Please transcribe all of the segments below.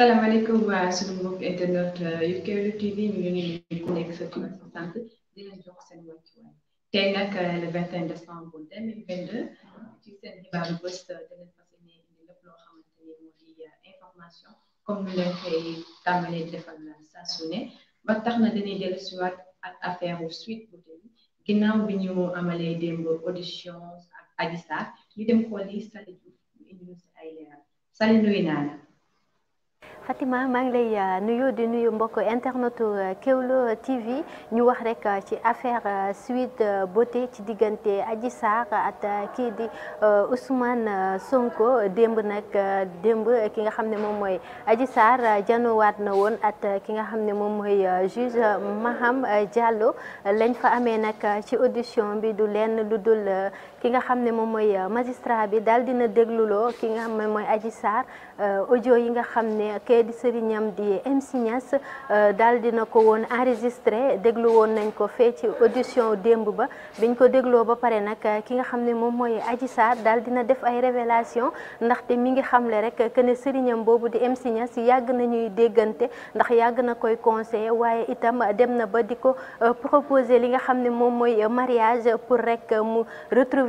salaamaaleykum eh, suñu mbokk internet yu Kéwoulo TV ñu ngi leen di nekk sa tur ak sant di leen jox seen wàccuwaay tey nag le 21 décembre 2022 ci seen xibaaru bés dinañ fas yéene indi lépp loo xamante ni moo di information comme ni leen saa su ba tax na dañuy dellusiwaat ak affaire wu suite bu tey ginnaaw bi ñu amalee démb audition ak Adji ñu dem xooli Sali Diouf si ay leeral Sali nuyu naa Fatima maa ngi lay euh, nuyu di nuyu mbokk internetu euh, Kéwoulo TV ñu wax rek euh, ci affaire Sweet Beauté ci diggante Adji Sarr at kii di Ousmane Sonko démb nag démb ki nga xam ne moom mooy Adji Sarr janowaat na woon at ki nga xam ne moom mooy juge Maham Diallo lañ fa amee nag ci audition bi du lenn lu dul ki nga xam ne moom mooy euh, magistrat bi daal dina dégluloo ki nga xam ne mooy Adji Sarr euh, audio yi nga xam ne kee di sëriñam di MC Niass euh, daal dina ko woon enregistré déglu woon nañ ko fee ci audition démb ba biñ ko dégloo ba pare nag ki nga xam ne moom mooy aji Sarr daal dina def ay révélation ndaxte mi ngi xamle rek que ne sëriñam boobu di MC Niass yàgg nañuy déggante ndax yàgg na koy conseillé waaye itam dem na ba di ko proposé li nga xam ne moom mooy mariage pour rek mu retrouver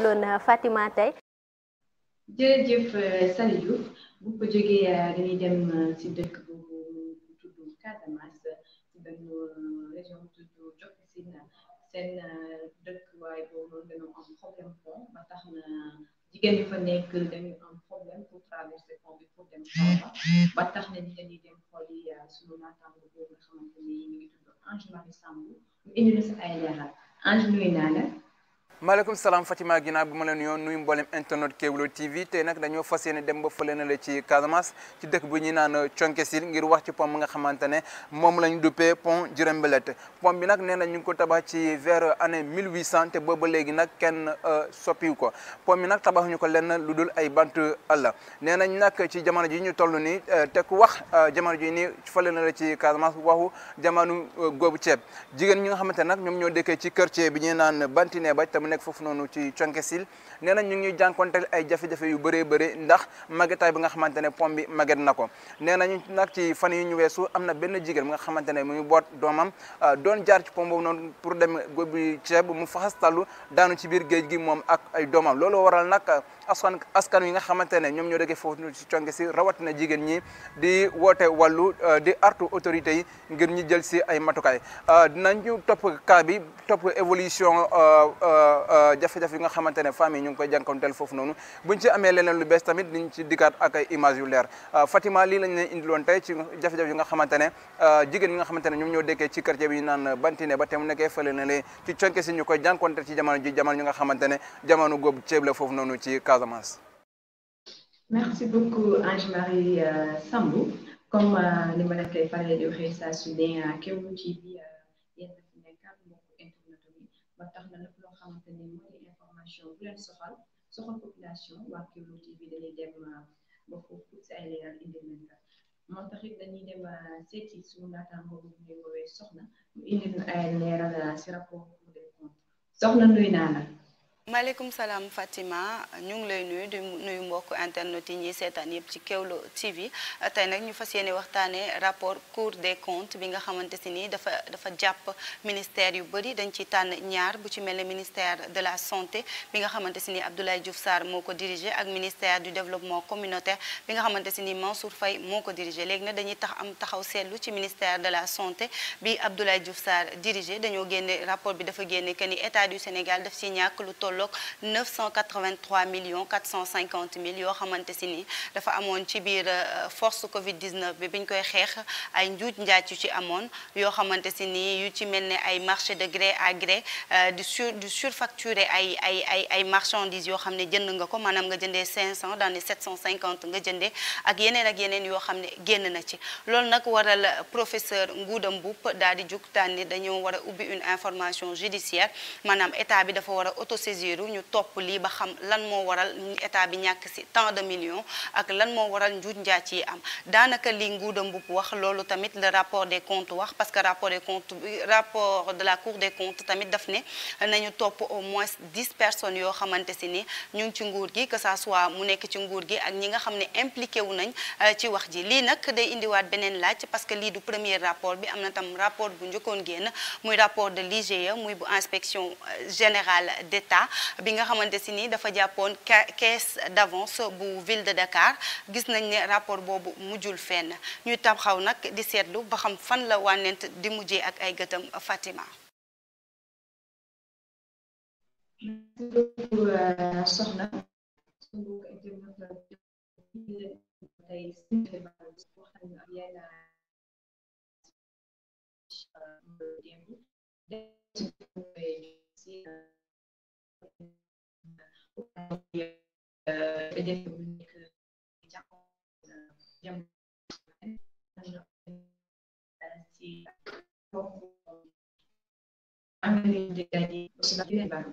indiloon euh, Fatima tey. jërëjëf euh, Saliou bu ko jógee euh, dañuy dem si dëkk bu tudd Casamance si benn région bu tudd Diofinsine seen dëkk waaye boobu noonu dañoo ba tax na jigéen yu fa nekk dañu am problème pour traverser pont bi pour ba tax na ñi dañuy dem xool yi sunu naataango boobu nga xamante ni ñu ngi tudd Ange Marie naa la. maaleykum salaam Fatima ginnaaw bi ma la nuyoo nuyu mboolem internet Kéwoulo TV tey nag dañoo fas yéene dem ba fële na la ci Casamance ci dëkk bu ñuy naan Thionkesil ngir wax ci pont bi nga xamante ne moom lañ duppee pont Diourbelette pont bi nag nee na ñu ko tabax ci vers année 1800 te ba léegi nag kenn euh, soppiwu ko pont bi nag tabaxuñu ko lenn lu dul ay bant àll nee nañ nag ci jamono ji ñu toll nii euh, te ku wax euh, jamano ji ni fële na la ci Casamance waxu jamono góobu ceeb jigéen ñi nga xamante nag ñoom ñoo dëkkee ci quartier bi ñuy naan Bantineba tamit nekk foofu noonu ci conkesil nee nañ ñu ngi ñuy ay jafe-jafe yu bëree bëri ndax magetaay bi nga xamante ne pom bi maget na ko nee nañu nag ci fan yu ñu weesu am na benn jigéen bi nga xamante ne mu ngi boot doomam ah, doon jaar ci pom boobu noonu pour dem góobi ceeb mu faxastalu daanu ci biir géej gi moom ak ay doomam loolu waral nag askan askan wi nga xamante ne ñoom ñoo dëkkee foofu ci conge si rawatina jigéen ñi di woote wàllu euh, di artu autorités yi ngir ñu jël si ay matukaay euh, dinañu topp cas bi topp évolution euh, jafe-jafe yi nga xamante ne femmes yi ñu foofu noonu buñ ci amee lu bees tamit diñ ci dikkaat ak ay images lii lañ indiloon tey ci jafe-jafe yi nga xamante ne jigéen ñi nga xamante ne ñoom ñoo dëkkee ci quartier bi ñu naan Bantine ba teemu nekkee fële ci conge si ñu ji jamono ñi nga xamante ne jamono góob ceeb la foofu noonu ci Casamance. merci beaucoup Ange Marie euh, Sambou comme euh, ni ma la koy faral di waxee saa su ne euh, Kéwoulo TV yéen a fi nekkal mbokku internet bi ba tax na lépp loo xamante ni mooy information bu leen soxal soxal population waa Kéwoulo TV dañuy dem ba foofu si ay leeral indi leen ka si rapport Cour des comptes soxna maaleykum salam Fatima ñu ngi lay nuyu di nuyu mbokk internet yi ñuy seetaan yëpp ci Kéwoulo TV tey nag ñu fas yéene rapport Cour des comptes bi nga xamante ni dafa dafa jàpp ministère yu bëri dañ ci tànn ñaar bu ci mel ministère de la santé bi nga xamante ni Abdoulaye Diouf Moko moo ko dirigé ak ministère du développement communautaire bi nga xamante ni Mansour Faye Moko ko dirigé léegi dañuy tax am taxaw seetlu ci ministère de la santé bi Abdoulaye Diouf Sarr dirigé dañoo génne rapport bi dafa génne que ni état du Sénégal daf ci ñàkk lu 983 millions 450 mille yoo xamante si ni dafa amoon ci biir euh, force Covid 19 bi biñ koy xeex ay njuuj njaaj yu ci amoon yoo xamante si ni yu ci mel ne ay marché de gré à gré euh, di sur di surfacturer ay ay ay ay marchandises yoo xam ne jënd nga ko maanaam nga jëndee 500 dans les 750 nga jëndee ak yeneen ak yeneen yoo xam ne génn na ci loolu nag waral professeur Ngouda Mboup daal di jug daal ni dañoo war a une information judiciaire maanaam état bi dafa war a autosaisir reconduire ñu top li ba xam lan mo waral état bi ñak ci tant de millions ak lan mo waral njuuj njaaj yi am daanaka li nguuda mbub wax lolu tamit le rapport des comptes wax parce que rapport des comptes rapport de la cour des comptes tamit daf né nañu top au moins 10 personnes yo xamanté ci ni ñu ci nguur gi que ça soit mu nekk ci nguur gi ak ñi nga xamné impliqué wu nañ euh, ci wax ji li nak day indi indiwaat beneen laaj parce que li du premier rapport bi amna tam rapport bu ñëkkon génn muy rapport de l'IGE muy bu inspection euh, générale d'État bi nga xamante si ni dafa jàppoon caisse d'avance bu ville de Dakar gis nañ ne rapport boobu mujjul fenn ñuy taxaw nag di seetlu ba xam fan la wànnent di mujjee ak ay gëtam Fatima. I'm going to need to get you to the end of